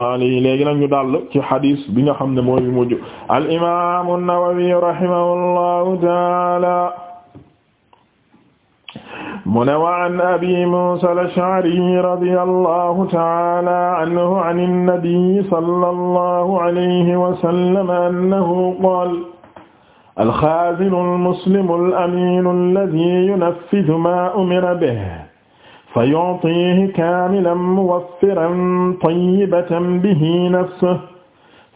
ali léegi nag ñu dal ci xadis bi nga xam ne mooy bi mujj al imam an-Nawawi rahimahullahu taala mu ne wa an abi Musa al-Ash'ari radiyallahu taala anhu an an-nabi sallallahu alayhi wa sallam annahu qala al-khazinu al-muslimu al-aminu alladhi yunfidhu ma umira bihi fa yu'tihi kaamilan muwaffiran tayyibatan bihi nafsuhu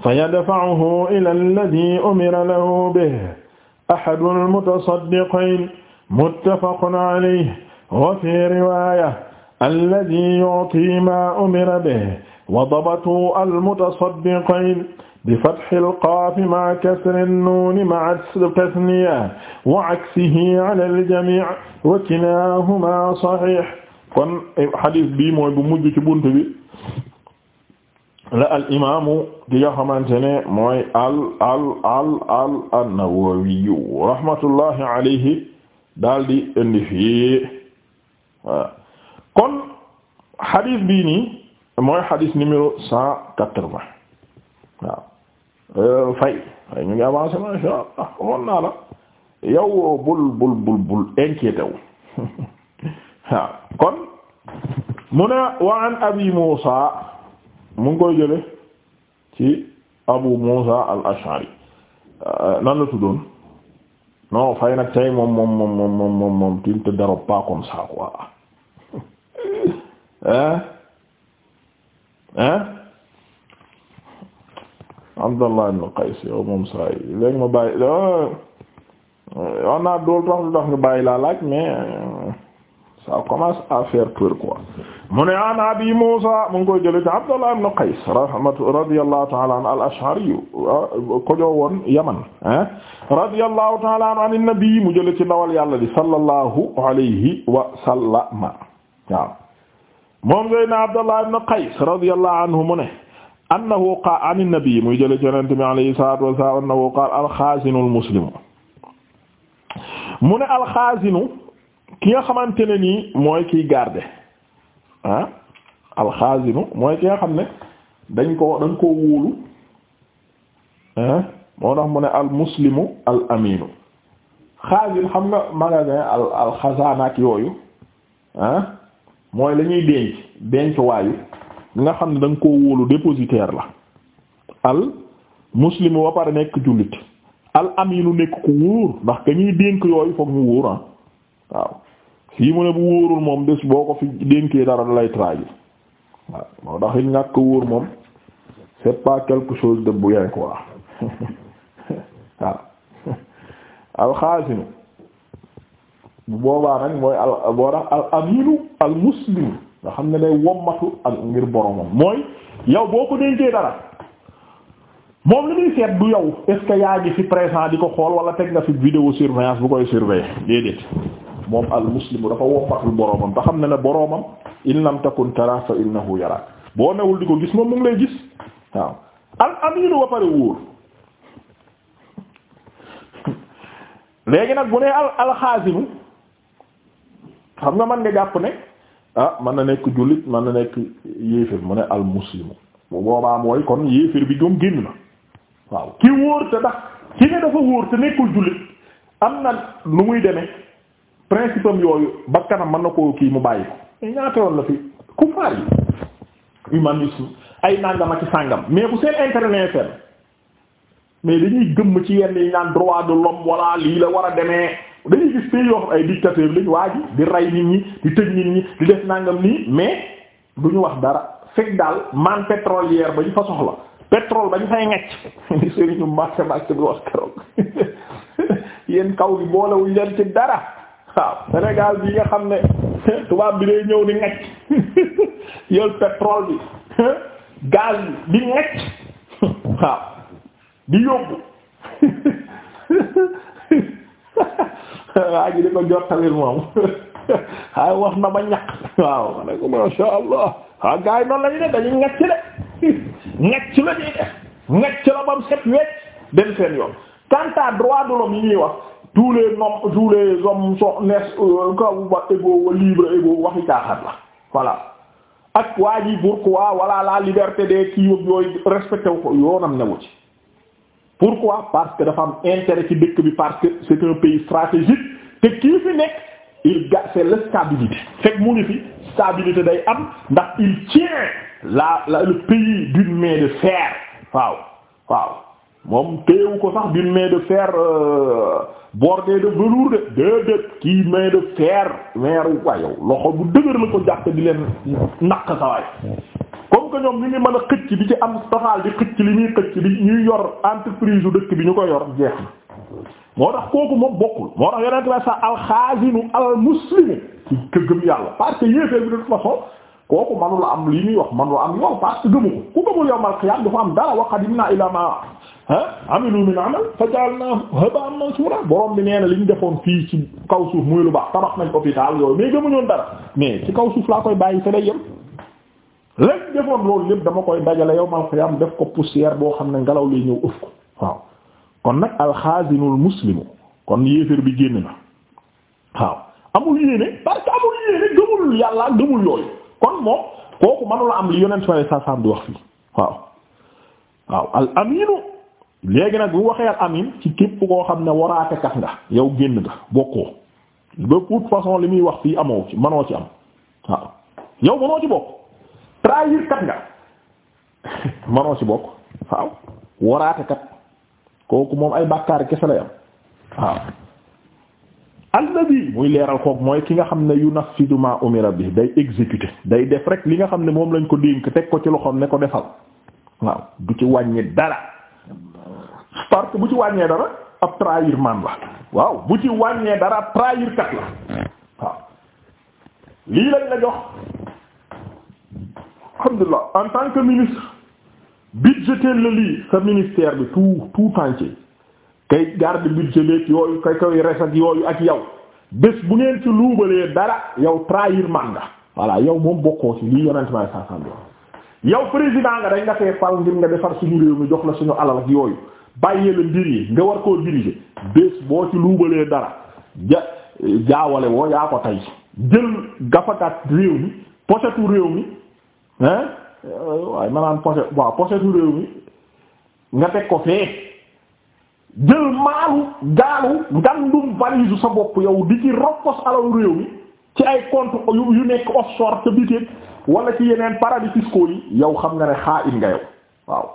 fa yadfa'uhu ila alladhi umira lahu bihi ahadul mutasaddiqayn muttafaqun alayhi wa fii riwaaya alladhi yu'ti maa umira bihi wa dabatu al-mutasaddiqayn bi fathil qaaf ma'a kasrin nuun ma'a tasniya wa aksihi ala al-jamii' wa kilaahumaa sahiih kon xadis bi mooy bu mujj ci buntu bi la al imaamu di nga xamante ne mooy al al al al nawawi rahmatullahi alayhi daal indi fii kon xadis bi ni mooy xadis numéro cent quatre-vingt euh, fay fay ñu ngi avancé naa la yow bul bul bul bul inquiété wu waaw kon mu ne wa an abi Muusa mu ngi koy jële ci abu Muusa al-Ash'ari euh, nan la tuddoon non fay nag tey moom moom moom moom moom moom moom tu ne te dérobes pas comme ça quoi hein hein Abdallah ibn yow moom saa yi léegi ma bàyyi euh, on a dool tax lu tax nga bàyyi laa laaj mais euh, ça commence à faire peur quoi mu ne an abi Muusa mu ngi koy jële ci Abdullah ibn Qays rahmatu radiyallahu ta'ala an al-Ash'ari ah, ko joo woon Yaman ah radiyallahu ta'ala an an nabi mu jële ci ndawal yàlla di sallallahu alayhi wa sallama waaw moom Seydina Abdullah ibn Qays radiyallahu anhu mu ne annahu qaala an nabi muy jële ci Yonent bi alayhi salaatu wa salaam annahu qaala al-xaazinu al-muslimu mu ne al-xaazinu ki nga xamante ne nii mooy kii garde al ah, alxaasinu mooy ki nga xam ne dañ ko dañ koo wóolu ah, moo tax mu ne al muslimu al aminu xaasin xam nga magasin al al yooyu ah mooy lañuy ñuy denc waayu nga xam ne da nga koo wóolu dépositaire la al muslimu ba pare nekk jullit al aminu nekk ku wóor ndax ka dénk yooyu foog mu wóor ah, waaw fii mu ne bu wóorul moom des boo ko fi dénkee dara da lay trahir waaw moo tax it ñàkk wóor moom c'est pas quelque chose de bien quoi waaw alxaasinu bu boobaa nag mooy al boo tax al aminu al muslim nga xam ne day wommatu ak ngir boromam mooy yow boo ko dénkee dara moom li muy seet du yow est-ce que yaa ngi fi présent di ko xool wala teg nga fi vidéo surveillance bu koy surveiller déedéet moom al muslimu dafa wommatul boromam ba xam ne na boromam in lam takun tara fa innahu yara boo newul di ko gis moom mu ngi lay gis waaw al aminu ba pare wóor léegi nag bu nee al alxaasinu xam nga man nga jàpp ne ah man na nekk jullit man na nekk yéefir mu ne al muslimu bu boobaa kon yéefir bi joom génn na waaw ki wóor te ndax ki ne dafa wóor te nekkul jullit am na lu muy demee principe am yooyu bakkanam man na koo kii mu bàyyi ko ñaata yoon la fi ku yi humanisme ay nangam ak sàngam mais bu seen intérêt seen mais dañuy gëmm ci yenn yi naan droit de l'homme walla lii la war a demee dañuy gis pays ay dictateur lañ waa ji di rey nit ñi di tëj nit ñi di def nangam nii mais du ñu wax dara fekk daal man pétrolière ba ñu fa soxla pétrole ba ñu fay ngacc ni sëriñu marché marché bi wax keroog yéen kaw gi boolewul leen ci dara waaw Sénégal bi nga xam ne tubaab bi day ñëw di ngacc yol pétrole bi gaz bi di ngacc waaw di yóbbu waa ji di ko jottalil moom ay wax na ba ñaq waaw ma ko masha Allah waaw gars yi noonu la ñu def dañuy ngacc de ngacc la ñuy def ngacc la bam set wecc dem yoon quant droit de l'homme yi ñuy wax tous les noms tous les hommes sont nes kaw ba égaux libre égaux waxi la voilà ak waa ji pourquoi voilà la liberté des kii yób yooyu respecté wu ko yoonam newu ci pourquoi parce que dafa am intérêt ci dëkk bi parce que c'est un pays stratégique te kii fi nekk il ga c'est la stabilité fekk mu stabilité day am ndax il tient la la le pays d'une main de fer waaw waaw moom téyewu ko sax d'une main de fer euh, bordée de velours de déedéet kii mais de fer weeru wayow loxo bu dëgër la ko jàpp di leen naq sa waay comme que ñoom ñu ngi mën a xëcc di ci am total di xëcc li ñuy xëcc di ñuy yor entreprise yu dëkk bi ñu ko yor jeex na moo tax kooku moom bokkul moo tax yonent ba sa alxaasinu al muslimu ci gëm yàlla parce que yéefee bi de toute façon kooku manula am li ñuy wax manula am yow parce gëmu ko ku gëmul yow mal am dara ah amilu min amal fa ja'alnaahu habaa'an mansuura borom bi nee na li ñu defoon fii ci kaw suuf muy lu baax tabax nañ hôpital yooyu mais gëmuñoon dara mais ci kaw suuf laa koy bàyyi te day yem. lañ defoon loolu lépp dama koy dajale yawmal qiyaam def ko poussière boo xam ne ngelaw li ñëw ëf ko waaw kon nag alxaazinul muslimu kon yéeféer bi génn na waaw amul yéene parce que amul yéene gëmul yàlla gëmul yooyu kon moom kooku mënula am li yonent sallallahu alayhi wasallam di léegi nag bu waxee ak amin ci képp koo xam ne waraate kat nga yow génn nga bokkoo de toute façon li muy wax fii amoo manoo ci am waaw yow manoo ci bokk trahir kat nga manoo ci bokk waaw waraate kat kooku moom ay bàkkaar kese lay am waaw alladi muy leeral koog mooy ki nga xam ne yu yunafidu ma umira bi day exécuter day def rek li nga xam ne moom lañ ko dénk teg ko ci loxoom ne ko defal waaw du ci wàññi dara parce que bu ci wàññee dara ab trahir man la waaw bu ci wàññee dara ab trahir kat la waaw lii lañ la jox alhamdulilah en tant que ministre budgétaire la lii sa ministère bi tout tout entier kay garde budget léegi yooyu kay koy res ak yooyu ak yow bés bu ngeen ci luubalee dara yow trahir man la voilà yow moom bokkoo ci lii yonent ma saa saa yow président nga dañ nga fee fal ngir nga defar suñu réew mi jox la suñu alal ak yooyu bàyyee la mbir yi nga war koo diriger bés boo ci luubalee dara ja jaawale woo yaa ko tey jël gafagat réew mi pochetu réew mi euh, réew mi nga teg ko fee jël maalu gaalu ngandum valise sa bopp yow di ci rokkos alalu réew mi ci ay compte yu nekk offshore ca bitim wala ci yeneen paradis fiscaux yi yow xam nga ne xaa'in nga yow waaw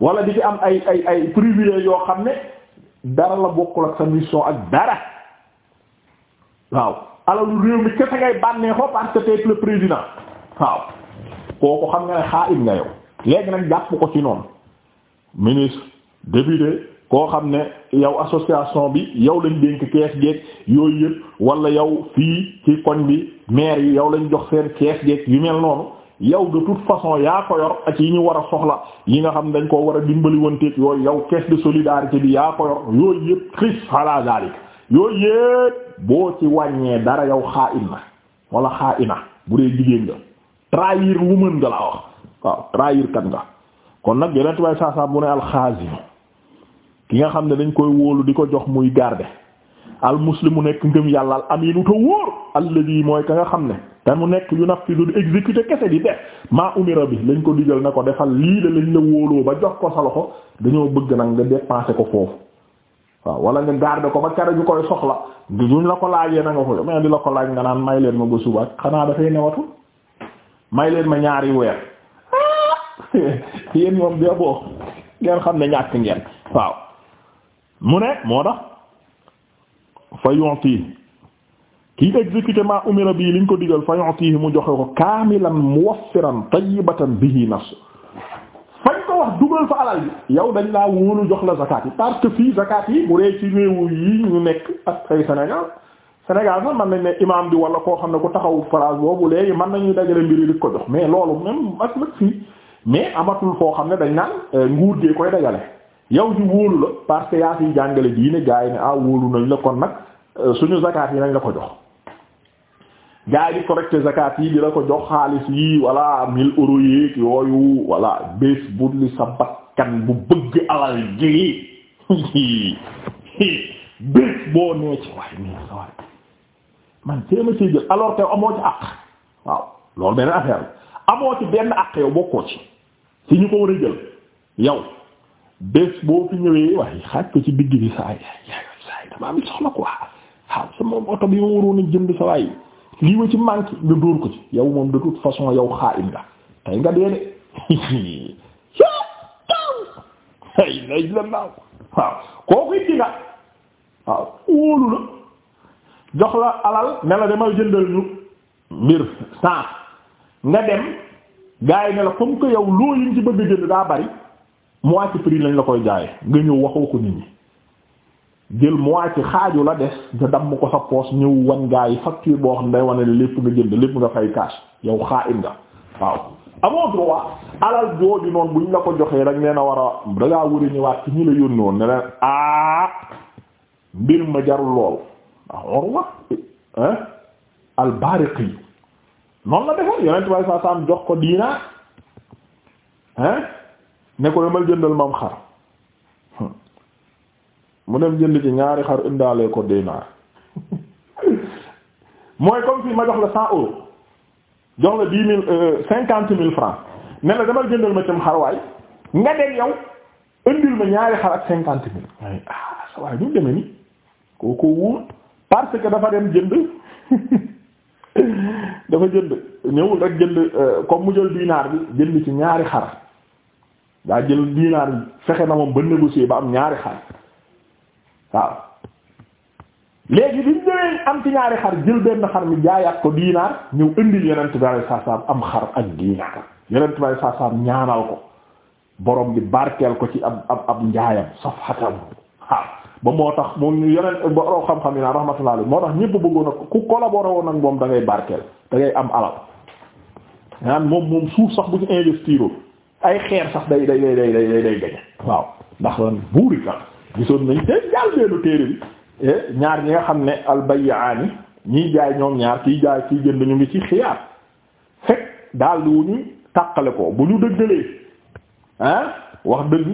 wala di ci am ay ay ay privilèges yoo xam ne dara la bokkul ak sa mission ak dara waaw alalu réew mi kese ngay bànneexoo parce que t'es le président waaw kooku xam nga ne xaa'in nga yow léegi nag jàpp ko ci noonu ministre député koo xam ne yow association bi yow lañ dénk kees geeg yooyu yëpp walla yow fii ci koñ bi maire yi yow lañ jox seen kees geeg yu mel noonu yow de toute façon yaa ko ak yi ñu war a soxla yi nga xam dañ koo war a dimbali wanteeg yooyu yow caisse de solidarité bi yaa ko yor yooyu yëpp xis ala zalik yooyu yëpp boo ci wàññee dara yow xaa in na wala xaa ina bu dee jigéen nga trahir wu mën nga laa wax waaw trahir kat nga kon nag yeneen tubaab saa saa ki nga xam ne dañ koy wóolu di ko jox muy garder al mu nekk ngëm yàlla al a te wóor alladi mooy ka nga xam ne te mu nekk yu naf fi du exécuter kese di def maa umira bi lañ ko digal na ko defal lii la lañ la wóoloo ba jox ko sa loxo dañoo bëgg nag nga dépenser ko foofu waaw wala nga garder ko ba kere ñu koy soxla duñ la ko laajee na nga ko mais di la ko laaj nga naan may leen ma ba suba xanaa dafay newatu may leen ma ñaari weer yéen moom xam ne ñàkk ngeen waaw mu ne moo tax fa yu'tihi kii exécuté ma bii liñ ko digal fa yu'tihi mu joxe ko kaamilan muwaffiran tayyibatan bihi nafs fañ ko wax dugal fa alal bi yow dañ laa wóolu jox la zakat yi parce que fii zakat yi bu dee ci réew yi ñu nekk ak ay Sénégal Sénégal sax mën nañ ne imaam bi wala koo xam ne ku taxawu place boobu léegi mën nañuy dajale mbiri di ko jox mais loolu même ak nag fii mais amatul foo xam ne dañ naan euh, nguur gee koy dajale yow ji wóolu la parce yaa fiy jàngale diine gaa yi ne ah wóolu nañ la kon nag euh, suñu zakat yi nañ la ko jox gaa yi di collecté zakat yi di la ko jox xaalis yi walla mille euros yeeg yooyu walla bés bu li sa bakkan bu bëgg alal ji bés boo nee ci waaye man téema ciy jël alors que amoo ci àq waaw loolu benn affaire amoo ci benn àq yow bokkoo ci ci ñu ko war a jël yow bés boo fi ñëwee waaye xaaj ko ci digg bi saa yi damaa am soxla quoi waaw sama oto bi ma waroon a jënd sa lii ma ci manque nga dóor ko ci yow moom wóolu la jox la alal ne la demal jëndal ñu mbir saa nga dem gaa yi comme que yow loo yi ci bëgg jënd daa bari moitié prix lañ la koy jaay nga ñëw waxoo ko nit ñi jël moitié xaaju la des nga damm ko sa poos ñëw wan gaa yi facture boo xam lépp nga jënd lépp nga fay waaw amoo droit alal jooju noonu buñ la ko joxee rek leen a war a dangaa wëri ñëwaat ci ñi la yónni woon ne ah, mbir ma jarul lool ndax Urwa al la defoon yonent bi sallallahu alayhi wasallam jox ko diinaar hein ne ko demal jëndal mam xar mu dem jënd ci ñaari xar indaale ko dinaar mooy comme si ma jox la cent euros jox la dix mille euh, cinquante mille francs ne la demal jëndal ma cim xar waay nga dem yow indil ma ñaari xar ak cinquante mille waaye ah sa waay ñu deme ni koo ko parce que dafa dem jënd dafa jënd ñëwul rek jënd euh, comme mu jël dinaar bi jënd ci ñaari xar daa jël dinaar fexe na moom ba négocier ba am ñaari xar waaw léegi bi ñëwee am ci ñaari xar jël benn xar mi jaayaat ko dinaar ñëw indil yonent bi alayhi salaam am xar ak dinaar yonent bi alayhi salaam ñaanal ko borom bi barkeel ko ci ab ab ab njaayam safhatam waaw ba moo tax moom yonent borom xam-xam yi naan rahmatullahi moo tax ñépp bëggoon ak ku collaborer woon ak moom dangay barkeel da am alal naan moom moom suuf sax bu ci investir ay xeer sax day day day day day day gañe waaw ndax lan buuri kan gisoon nañ te jàll leenu téere bi eh, ñaar ñi nga xam ne albayaani ñi jaay ñoom ñaar ki jaay kiy jënd ñu ngi ci xiyaar fekk daal di wu ñu tàqale ko bu ñu dëggalee ah wax dëgg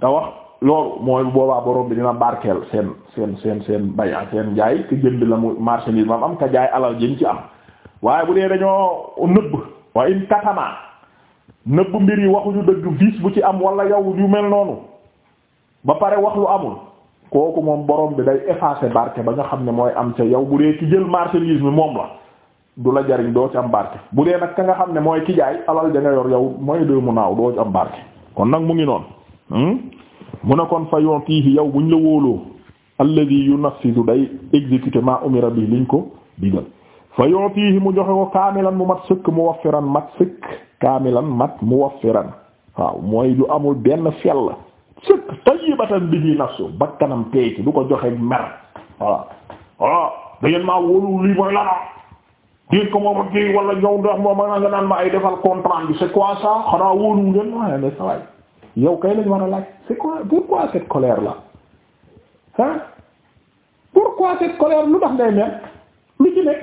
te wax loolu mooy boobaa borom bi dina barkeel seen seen seen seen bay seen jaay te jënd la mu marchandise am am ka jaay alal jën ci am waaye bu dee dañoo nëbb waaye in katamaa nëbb mbir yi waxuñu dëgg vice bu ci am wala yow yu mel noonu ba pare wax lu amul kooku moom borom bi day effacer barke ba nga xam ne mooy am ca yow bu dee ci jël marchandise mi moom la du la jariñ doo ci am barke bu dee nag ka nga xam ne mooy ki jaay alal ja nga yor yow mooy dee mu naaw doo ci am barke kon nag mu ngi noon hmm? mu ne kon fa yutihi yow buñ la wóoloo alladhi yunaffidu day exécuter ma umira bi liñ ko digal fa yutihi mu jox ko kaamilan mu mat sëkk muwaffiran mat sëkk kaamilan mat muwaffiran waaw mooy du amul benn fel sëkk tayyibatan bihi nafsu bakkanam tey ci du ko joxe mer voilà voilà da ngeen wóolu lii mooy lana déet ko moom bi c'est quoi xanaa wóolu ngeen ma ne sa yow kay lañu war a laaj c'est quoi pourquoi cette colère là ah pourquoi cette colère lu tax ngay mer lu ci nekk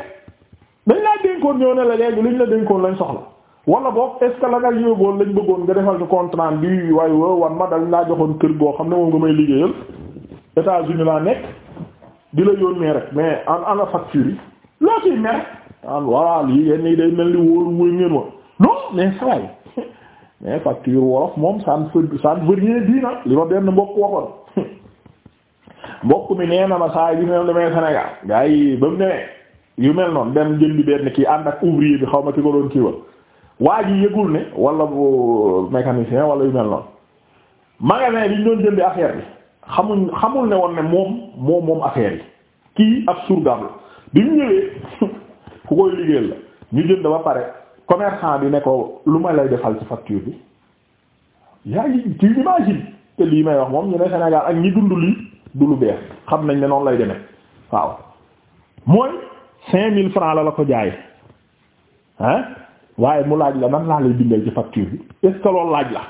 dañ laa dénkoon ñëw ne la léegi liñ la dénkoon lañ soxla wala boog est la nga yóbboon lañ bëggoon nga defal ñu contrat bi waaye woo wan ma dañ laa joxoon kër goo xam ne moom nga may liggéeyal États-Unis laa nekk di la yónnee rek mais en ana facture yi loo ciy mer an lii yéen nii day mel ni wóolu wóy ngeen wa non mais saway mais facture wolof moom san f san vërien diina li ma benn mbokk waxoon mbokk mi nee na ma saa yi ne demee Sénégal gars ba mu demee yu mel noonu dem jëndi benn ki ànd ak xaw ma waa ji yëgul ne wala bu mécanicien wala yu mel noonu magasin bi ñu doon jëndi affaire bi xamuñ xamul ne woon ne moom moom moom affaire yi kii ab surgam la bi ñu ñëwee ku jënd ba pare commerçant bi ne ko lu ma lay defal ci facture bi yaa ngi ci imagine te lii may wax moom ñu ne Sénégal ak ñi dund lii du lu bees xam nañ ne noonu lay deme waaw mooy cinq mille francs la la ko jaay ah waaye mu laaj la nan laa lay bindal ci facture bi est loolu laaj la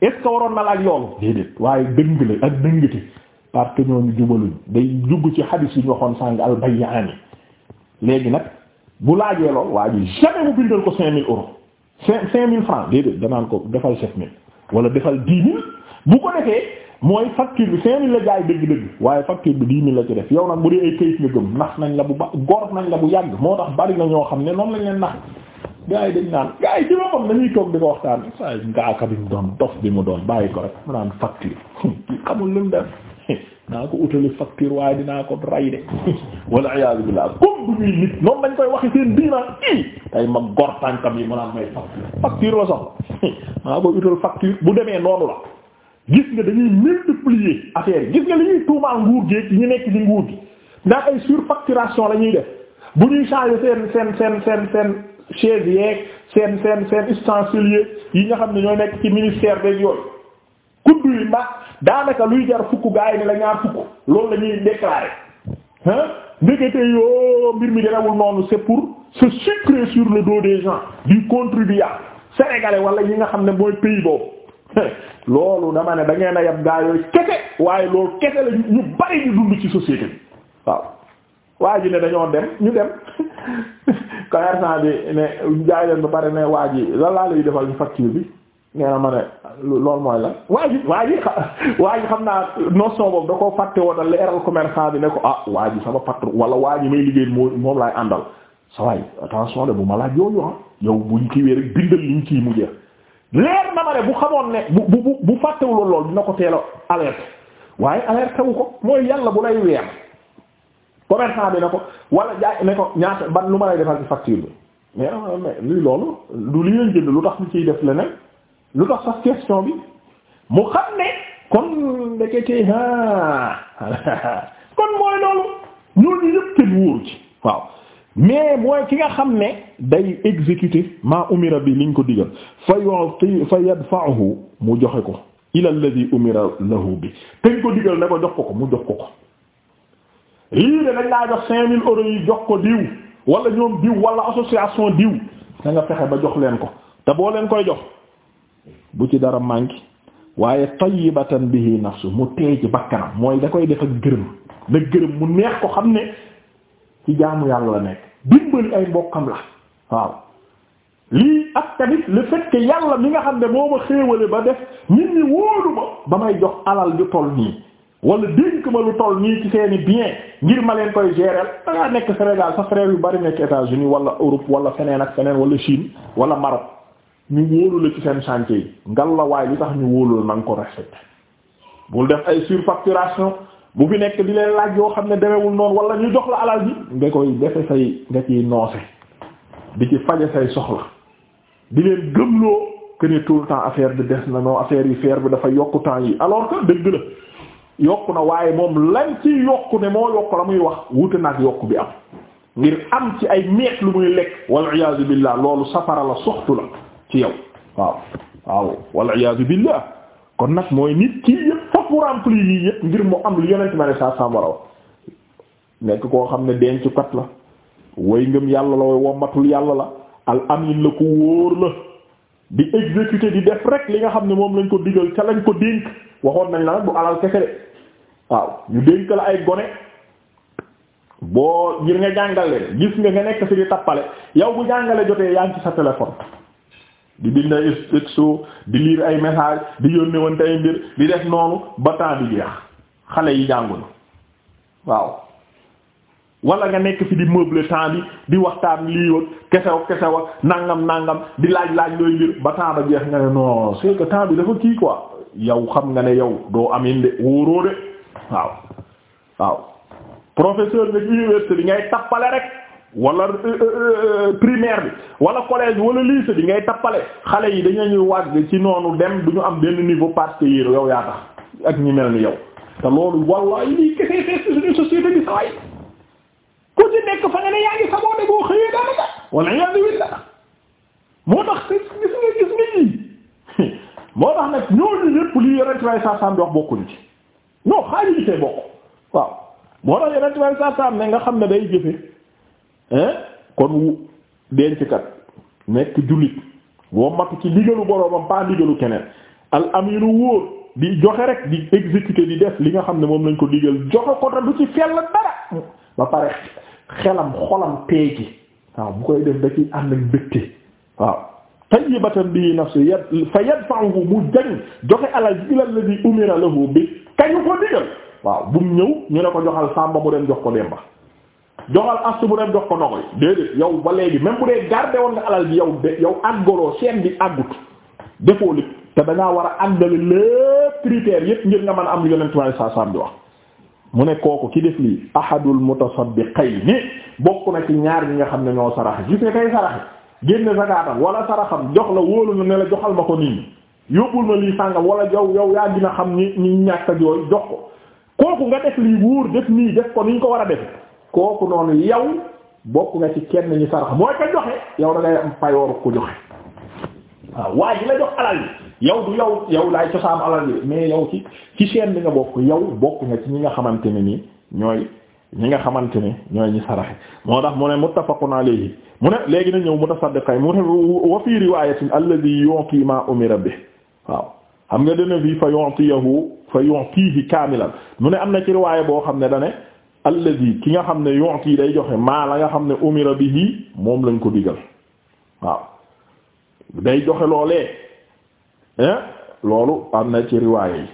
est ce que waroon na laaj loolu déedéet waaye dëng la ak dëngati parce que ñooñu jubaluñ day jugg ci xadis yi ñu waxoon sàng albayaani léegi nag bu laajee lool waa ji jamais mu bindal ko cinq mille euros cinq mille francs déedéet danaan ko defal sept mille wala defal dix mille bu ko defee mooy facture bi cinq mille la jaay dëgg-dëgg waaye facture bi dix mille la ci def yow nag bu dee nañ la bu ba la bu yàgg moo tax bari na ñoo xam ne noonu lañ leen nax gars yi dañ naan gars yi ci boppam dañuy toog di ko waxtaan waaye ngaaka bi mu doon dof bi mu doon bàyyi ko rek mu naan facture xamul lu mu def naa ko utali facture waaye dinaa ko ray de wala iyaazu billaah comme bu ñuy nit noonu dañ koy waxi seen diina i tay ma gor tànkam yi mu naan may facture facture la soxla naa bu demee noonu gis nga dañuy multiplier affaire yi gis nga li ñuy tuumaal nguur géeg ñu nekk ci nguur gi ndax ay surfacturation la ñuy def bu ñuy changer seen seen seen seen seen chaise yeeg seen seen seen ustensiles yi nga xam ne ñooy nekk ci ministère des yooyu kuddu yi ma daanaka luy jar fukk gaa yi la ñaar fukk loolu la ñuy déclarer hein ndekete yoo mbir mi demewul noonu c'est pour se sucrer sur le dos des gens du contribuable sénégalais wala yi nga xam ne mooy pays boobu loolu dama ne da ngeen a yab gaa kese waaye loolu kese la ñu bari ñu dund ci société bi waaw waa ji dañoo dem ñu dem commerçant bi ne jaay leen ba pare ne waa ji la laa lay defal facture bi nee ma ne lool mooy la waa ji waa ji xam naa notion boobu da koo fàtte woon a leeral commerçant bi ne ko ah waa ji wala waa ji may liggéey moo moom laay àndal sa waay attention de bu ma laaj yooyu ah yow buñ kiiwee rek bindal liñ kii mu jeex leer na ma ne bu xamoon ne bu bu bu fàttewuloon lool dina ko teel a waaye alerte wu ko mooy yàlla bu lay weer commerçant bi na ko wala jaay ne ko ñaata ban lu ma lay defal ci facture bi mais luy loolu lu tax ñu ciy def leneen lu tax sax question bi mu xam ne kon ndeketee ah kon mooy loolu ñooñu yëpp kenn wóoru ci waaw mais mooy ki nga xam ne day exécuter maa umira bi liñ ko digal fa yu'ti fa yadfa'uhu mu joxe ko ila alladhi umira lahu bi teñ ko digal ne ko jox ko ko mu jox ko ko. lii de dañ laa jox cinq mille euros yi jox ko diw wala ñoom diw wala association diw da nga fexe ba jox leen ko te boo leen koy jox bu ci dara mànk waaye bi tayyibatan bihi nafsu mu teey ci bakkanam mooy da koy def ak gërëm da gërëm mu neex ko xam ne ci jaamu yàlla la nekk dimbali ay mbokkam la waaw lii ak tamit le fait yàlla mi nga xam ne moo ma xéewale ba def nit ñi wóolu ma ba may jox alal ju toll nii wala dénk ma lu toll nii ci seeni bien ngir ma leen koy gérer da nekk Sénégal sa frère yu bari nekk États-Unis wala Europe wala feneen ak feneen wala Chine wala Maroc ñu wóolu la ci seen chantier yi ngal la waay li tax ñu wóolu la na nga ko respecté bul def ay surfacturation bu fi nekk di leen laaj yoo xam ne demewul noonu wala ñu jox la alal bi nga koy defe say nga ciy noose di ci faje say soxla di leen gëmloo que ne tout le temps affaire bi des na non affaire yi feer bi dafa yokku temps yi alors que yokk na waaye moom lan ci yokku ne moo yokku la muy wax wuute nag yokku bi am ngir am ci ay meet lu muy lekk wal iyaazu billah loolu safara la soxtu la ci yow waaw waaw wal iyaazu billah kon nag mooy nit kii yëpp foofu rempli yii yëpp ngir mu am lu yonent ma ne saa saa waraw nekk koo xam ne dencukat la way ngëm yàlla la way wommatul yàlla la al amin la ko wóor la di exécuter di def rek li nga xam ne moom lañ ko digal ca lañ ko dénk waxoon nañ la bu alal waaw ñu dénk la ay gone boo ngir nga jàngale leen gis nga nga nekk fi di tappale yow bu jàngale jotee yaa ngi ci sa téléphone di bind ay texto di lire ay message di yónnee woon ay mbir di def noonu ba temps bi jeex xale yi jànguñu waaw walla nga nekk fi di meubler temps bi di waxtaan lii wag kesew kesew ak nangam nangam di laaj laaj looy mbir ba temps ba jeex nga ne non c'est temps bi dafa kii quoi yow xam nga ne yow doo am indi wóoroo de waaw waaw professeur nga ci université bi ngay tappale rek wala euh, euh, euh, primaire bi wala collège wala lycée bi ngay tappale xale yi dañu ñuy wàgg ci noonu dem du ñu am benn niveau parce que yéen yow yaa tax ak ñi mel ni yow te loolu wallahi lii kese kese suñu société bi saway ku ci nekk fa nga ne yaa ngi saboo boo xëyee daanaka wala yaa ngi willa moo tax gis nga gis nga ji moo tax nag ñooñu ñëpp wax bokkuñ ci. non xaaju bi bokk waaw boo tax yeneen tubaab saa saa ne nga xam ne day jëfe kon wu denckat nekk jullit wommatu ci ndigalu boroomam pas ndigalu keneen al aminu wóor di joxe rek di exécuter di def li nga xam ne moom lañ ko digal joxe ko du ci fell dara ba pare xelam xolam teegi waaw bu koy def da ciy ànd ak mbégte waaw tayyibatan bi nafsi yad fa yadfa'uhu mu jañ joxe alal ji ila alladhi umira lahu bi kañu ko digal waaw bu ñëw ñu ne ko joxal sàmba mu dem jox ko demba joxal astu mu dem jox ko nogoy déedéet yow ba léegi même bu dee garde woon nga alal bi yow de yow àggoloo seen bi àggut defoo lépp te dangaa war a àggale lépp critères yëpp ngir nga mën a am yonent bi saa saam bi wax mu ne kooku ki def lii ahadul mutasaddiqayni bokk na ci ñaar bi nga xam ne ñoo sarax gis nga kay saraxe génne zakaatam wala saraxam jox la wóolu na ne la joxal ma ko nit yóbbul ma lii sàngam wala yow yow yaa dina xam ñi ñi ñàkk ak jox ko kooku nga def lii wóor def nii def ko ni ko war a def kooku noonu yow bokk nga ci kenn ñi sarax mooy ko joxe yow da ngay am payooru ko joxe waaw waa ji la jox alal yi yow du yow yow laay cosaam alal yi mais yow ci ci chaîne bi nga bokk yow bokk nga ci ñi nga xamante ne nii ñooy ñi nga xamante ne ñooy ñi saraxe moo tax mu ne muttafaqun alayhi mu ne léegi na ñëw mutasaddiqay mu ne wa fii riwayatin alladhi yuqi ma umira bi waaw xam nga dana fii fa yu'tiyahu fa yu'tihi kaamilan mu ne am na ci riwaaya boo xam ne dane alladi ki nga xam ne yu'ti day joxe maa la nga xam ne umira bihi moom lañ ko digal waaw day joxe loolee hein eh? loolu am na ci riwaaya yi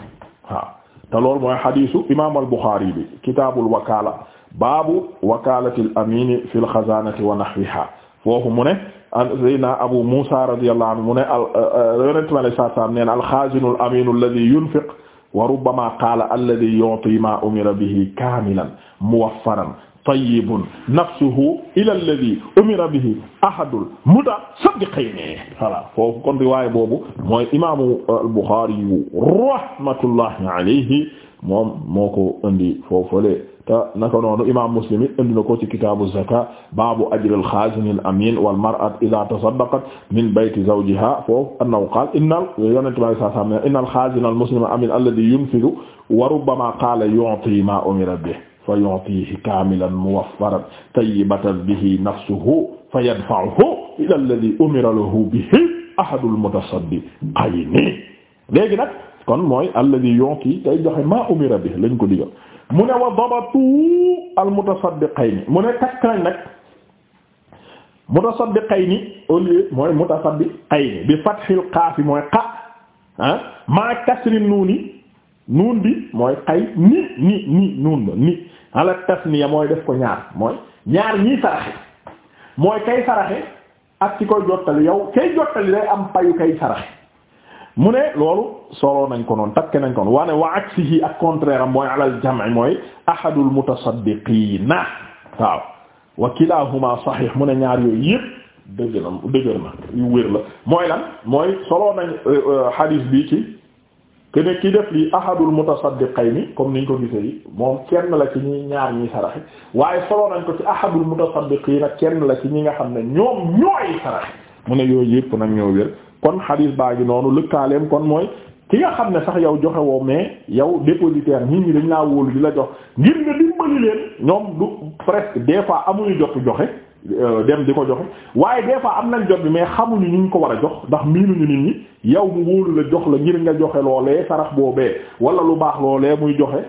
waaw te loolu mooy xadiisu imaam al Buxaari bi kitaabul wakaala baabu wakaalatil amini fil xazaanati wa nahwiha foofu mu ne Seydina Abu Musa radiyallahu anhu mu ne al euh, euh, yonent bi alayhi salaam neen alxaazinu al-amiinu alladhi yunfiq wa rubbama qaala alladhi yu'ti maa umira bihi kaamilan muwaffaran tayyibun nafsuhu ila alladhi umira bihi ahadul mutasaddiqayni voilà foofu kon riwaay boobu mooy imaamu al-Bukhari rahmatullahi alayhi moom moo ko indi foofale te naka noonu imam Muslim it indi na ko ci kitaabu zaka baabu ajri al-xaazin al-amiin wal mar'at idaa tasaddaqat min bayti zawjihaa foofu annahu qaala innal yonente bi sallallahu alayhi wa sallam innal xaazina al-muslima al-amiin alladii yunfiqu wa rubbamaa qaala yu'tii maa umira bihi fa yu'tiihi kaamilan muwaffaran tayyibatan bihi nafsuhu fa yadfa'uhu ila alladhi umira lahu bihi ahadul mutasaddiqayni léegi nag kon mooy alladi yonki day joxe ma umira bi lañ ko digal mu ne wa dabatu al mutasaddiqayni mu ne takk nañ nag mutasaddiqayni au lieu mooy mutasaddiqayni bi fathil xaafi mooy xa ah maa kasri nuuni nuun bi mooy xay ni ni ni nuun la ni ala tasniya mooy def ko ñaar mooy ñaar ñii saraxe mooy kay saraxe ak ci koy jottali yow kay jottali day am payu kay saraxe mu ne loolu soloo nañ ko noonu takke nañ ko noonu waane wa aksihi ak contraire am mooy alal jam'i mooy ahadul mutasaddiqiina waaw wa kilahuma sahih mu ne ñaar yooyu yépp dëgg na dëgër na yu wér la mooy la mooy soloo nañ hadith euh, euh, bi ci kene ki def li ahadul mutasaddiqayni comme niñ ko gisee yi moom kenn la ci ñi ñaar ñi saraxe waaye soloo nañ ko ci ahadul mutasaddiqiina kenn la ci ñi nga xam ne ñoom ñooy saraxe mu ne yooyu yépp nag ñoo wér kon xadiis baa ngi noonu lëkkaaleem kon mooy ki nga xam ne sax yow joxe woo mais yow dépositaire nit ñi dañ laa wóolu di la jox ngir nga des fois amuñu jotu joxe euh, dem di ko joxe waaye des am nañ jot bi mais xamuñu ñu ñu ko war a jox ndax miinuñu nit ñi yow mu wóolu la jox la ngir nga joxe loolee sarax boobee wala lu baax loolee muy joxe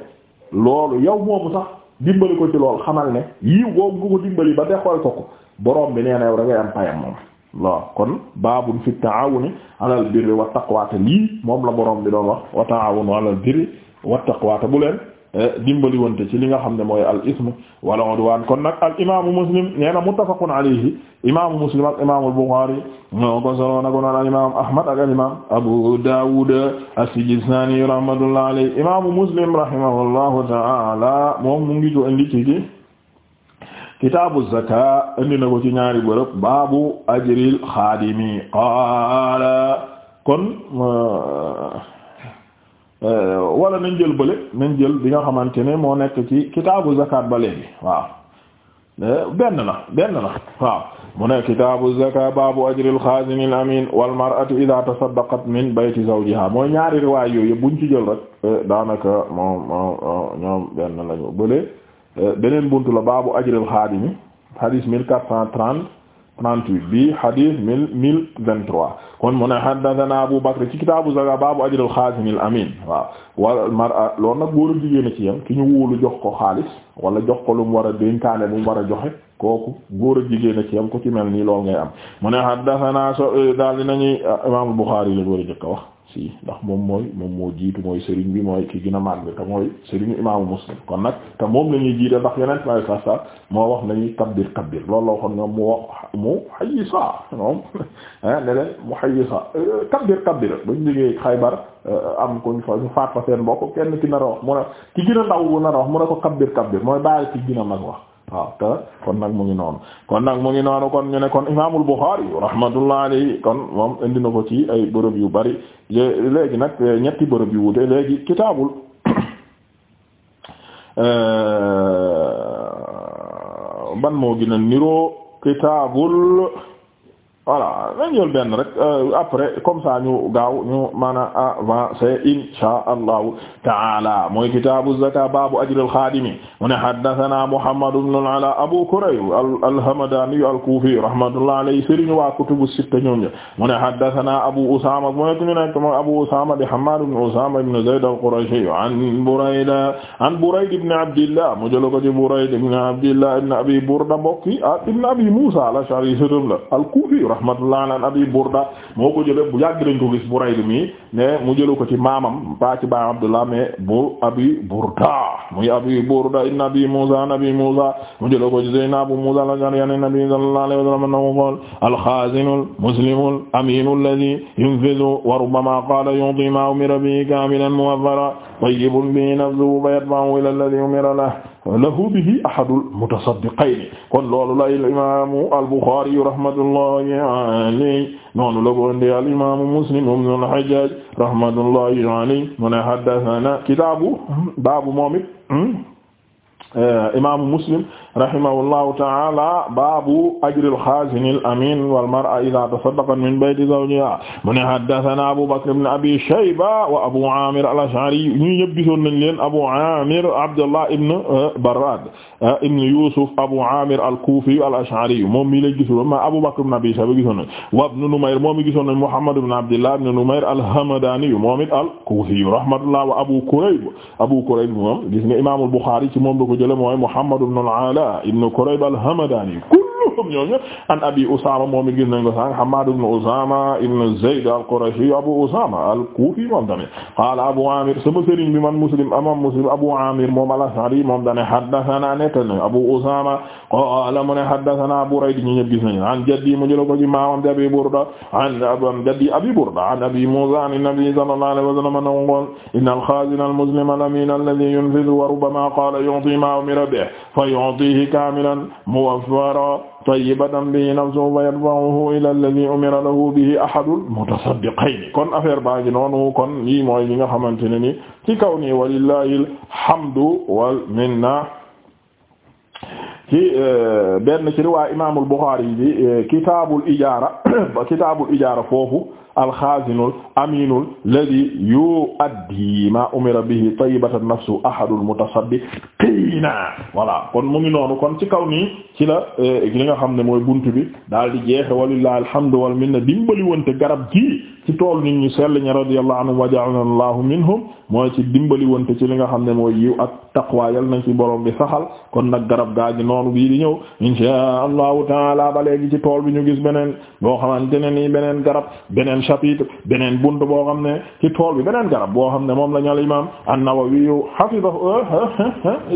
loolu yow moomu sax dimbali ko ci lool xamal ne yiw boobu nga ko dimbali ba dexal ko ko borom bi nee na yow am payam moom waaw kon baabun fi taawuni alal birri wa taqwaata lii moom la borom bi doon wax wa taawunu alal birri wa taqwaata bu leen eh, dimbali wonte ci li nga xam ne mooy al ism wala udwaan kon nag al muslim nee na muttafaqun imaamu muslim ak imaamu buxaari ñoo ko solo na ko noon al imaamu ahmad ak al imaam abu daawud as-sijistaani rahmatullahi alayhi imaamu muslim rahimahullahu ta'ala moom mu ngi ko indi ci kitaabu zaka indi na ko ci ñaari bërëb baabu ajril xaadimi qaala kon euh, euh, wala nañ jël bële nañ jël bi nga xamante ne moo nekk ci kitaabu zakat ba léegi waaw euh, benn la benn la waaw mu ne kitaabu zaka baabu ajril xaadimi al amin wal mar'atu idha tasaddaqat min bayti zawjiha mooy ñaari riwaay yooyu buñ ci jël rek daanaka moom ñoom benn lañu bële Euh, beneen buntu la baabu ajril xaadimi hadis mille quatre cent trente trente huit bi hadis mille mille vingt trois kon mu ne haddathana Abu Bakr ci kitaabu zaka baabu ajril xaadimi al amin waaw wal mar'a loolu nag góor a jigéen a ci yam ki ñu wóolu jox ko xaalis wala jox ko lu mu war a dénkaane lu mu war a joxe kooku góor a jigéen a ci yam ku ci mel nii loolu ngay am mu ne haddathana so eh, daal dinañuy ah, imaam Bukhari la góor a jëkk a wax si ndax moom mooy moom moo jiitu mooy sëriñ bi mooy ki gën a màgg te mooy sëriñu imaamu muslim kon nag te moom la ñuy jiite ndax yeneen maay sax sax moo wax nañuy kabbir kabbir loolu la waxoon ñoom mu wax mu ah ne leen mu xayisa euh, kabbir kabbir bañ jógee xaybar euh, am kuñ fa ñu faat fa seen ko kenn ki nar a wax mu ne ki gën a ndaw bu nar a wax mu ne ko kabbir kabbir mooy bàyyi ki gën a mag wax waaw te kon nag mu noonu kon nag mu ngi noonu kon ñu ne kon imaamul Buxaari rahmatullah alayhi kon moom indi na ko ci ay bërëb yu bari léegi nag eh, ñetti bërëb yu wute léegi kitaabul eh, ban moo gën a niroo kitaabul voilà nañ jël benn rek euh, après comme ça ñu gaaw ñu mën a avancer insha allahu taala mooy kitaabu zaka baabu ajril xaadimi mu ne haddathana muhammad ibn al-ala abu kurayb al-hamdani al-kufi rahmatullah alayhi sëriñu waa kutubu sitta ñoom ñe mu ne haddathana abu usama mu ne ñu nekk moom abu usama di hammad ibn usama ibn zayd al-qurashi an burayda an burayd ibn abdillah mu jël ko ci burayd ibn abdillah ibn abi burda mbokki ah, ibn abi musa al-ash'ari al-kufi rahmatullah an abi Burda moo ko jëlee bu yàgg dañ ko gis Burayd mi ne mu jëlu ko ci maamam ba ci baay Abdullah mais bu abi Burda muy abi Burda inna abi Musa nabi Musa mu jëlu ko ci Seydina Abu Musa al-Ash'ari nabi sallallahu alayhi wa sallam annahu qaala al-khaazinul muslimul aminul ladhi yunfizu wa rubbama qaala yu'ti ma umira bihi kaamilan muwaffara tayyibun bihi nafsuhu wa yatba'u ila alladhi umira lahu bihi ahadul mutasaddiqayn kon loolu la imaamu al-Bukhari rahmatullahi alayhi noonu la ko indi al imaamu Muslim ibn al-Hajjaj rahmatullahi alayhi mu ne haddathana kitaabu baabu moom it hmm, eh, imaamu Muslim rahimahullahu taala baabu ajril xaazinil amiin wal mar'a idaa tasaddaqat min bayti zawjihaa mu ne haddasanaa Abu Bakr ibn Abi Shayba wa Abu Aamir al-Ash'ari ñii ñëpp gisoon nañ leen Abu Aamir Abdullah ibn uh, Barrad uh, ibn Yusuf Abu Aamir al-Kufi al-Ash'ari moom mii lañ gisoon ma Abu Bakr ibn Abi Shayba gisoon nañ wa ibn Numayr moom mi gisoon nañ Muhammad ibn Abdillah ibn Numayr al-Hamdani moom it al-Kufi rahmatullah wa Abu Kurayb Abu Kurayb moom gis nga Imaam al-Bukhari ci moom la ko jëlee mooy Muhammad ibn al-Ala Isa ibn Kurayb al-Hamadani kulluhum ñooñu an abi Usaama moom it gis nañ ko sànq Hammaad ibn Usaama ibn Zayd al-Qurashi abu Usaama al-Kufi moom tamit qaala abu Aamir sama sëriñ bi man Muslim imam Muslim abu Aamir moom al-Ash'ari moom dañu ne haddasanaa nettali abu Usaama qaala mu ne haddasanaa Burayd ñu ñëpp gis nañu an jaddi mu jël ko ci maamam di abi Burda an jaddi abi Burda an abi Muusaa an nabi sallallahu alayhi wa sallam annahu qaala inna al-khaazin al-muslim al-amiin alladhii yunfidu wa rubbamaa qaala yu'tii maa umira bihi fa yu'tiihi kaamilan muwaffaran tayyibatan bihi nafsuhu wa yadfa'uhu ila alladhi umira lahu bihi ahadul mutasaddiqayn kon affaire baa ngi noonu kon lii mooy li nga xamante ne ni ci kaw nii walillahi alhamdu wal minna ci euh, benn ci riwaaya imaamul Buxaari bi euh, kitaabul ijaara kitaabul ijaara foofu alxaazinul aminul ladi yu'addi ma umira bihi tayyibatan nafsu ahadul mutasaddiqina voilà kon mu ngi noonu kon ci kaw nii ci la eh, li nga xam ne mooy bunt bi daal di jeexe walillahi alhamdu wal minna dimbali wonte garab gii ci tool nit ñu sell ñi radiyallahu anhum wa ja'alna allahu minhum mooy ci dimbali wonte ci li nga xam ne mooy yiw ak taqwa yal nañ ci borom bi saxal kon nag garab gaa gi noonu bii di ñëw insha allahu taala ba léegi ci tool bi ñu gis beneen boo xamante ne nii garab beneen chapitre beneen bunt boo xam ne ci tool bi beneen garab boo xam ne moom la ñu al imam an-Nawawi hafidahu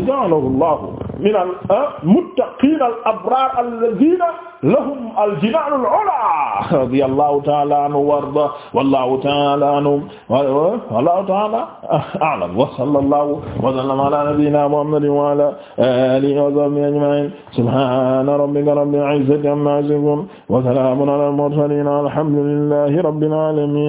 ja'alahu Allahu min al muttaqin al abrar alladhina lahum aljinaanul ula radiyallahu ta'ala anhu warda wallahu ta'ala anhu wallahu ta'ala a'lam wa sallallahu wa sallama ala nabiyyina muhammadin wa ala alihi wa sahbihi ajma'in subhana rabbika rabbil izzati amma yasifun wa salamun ala al mursalin alhamdulillahi rabbil alamin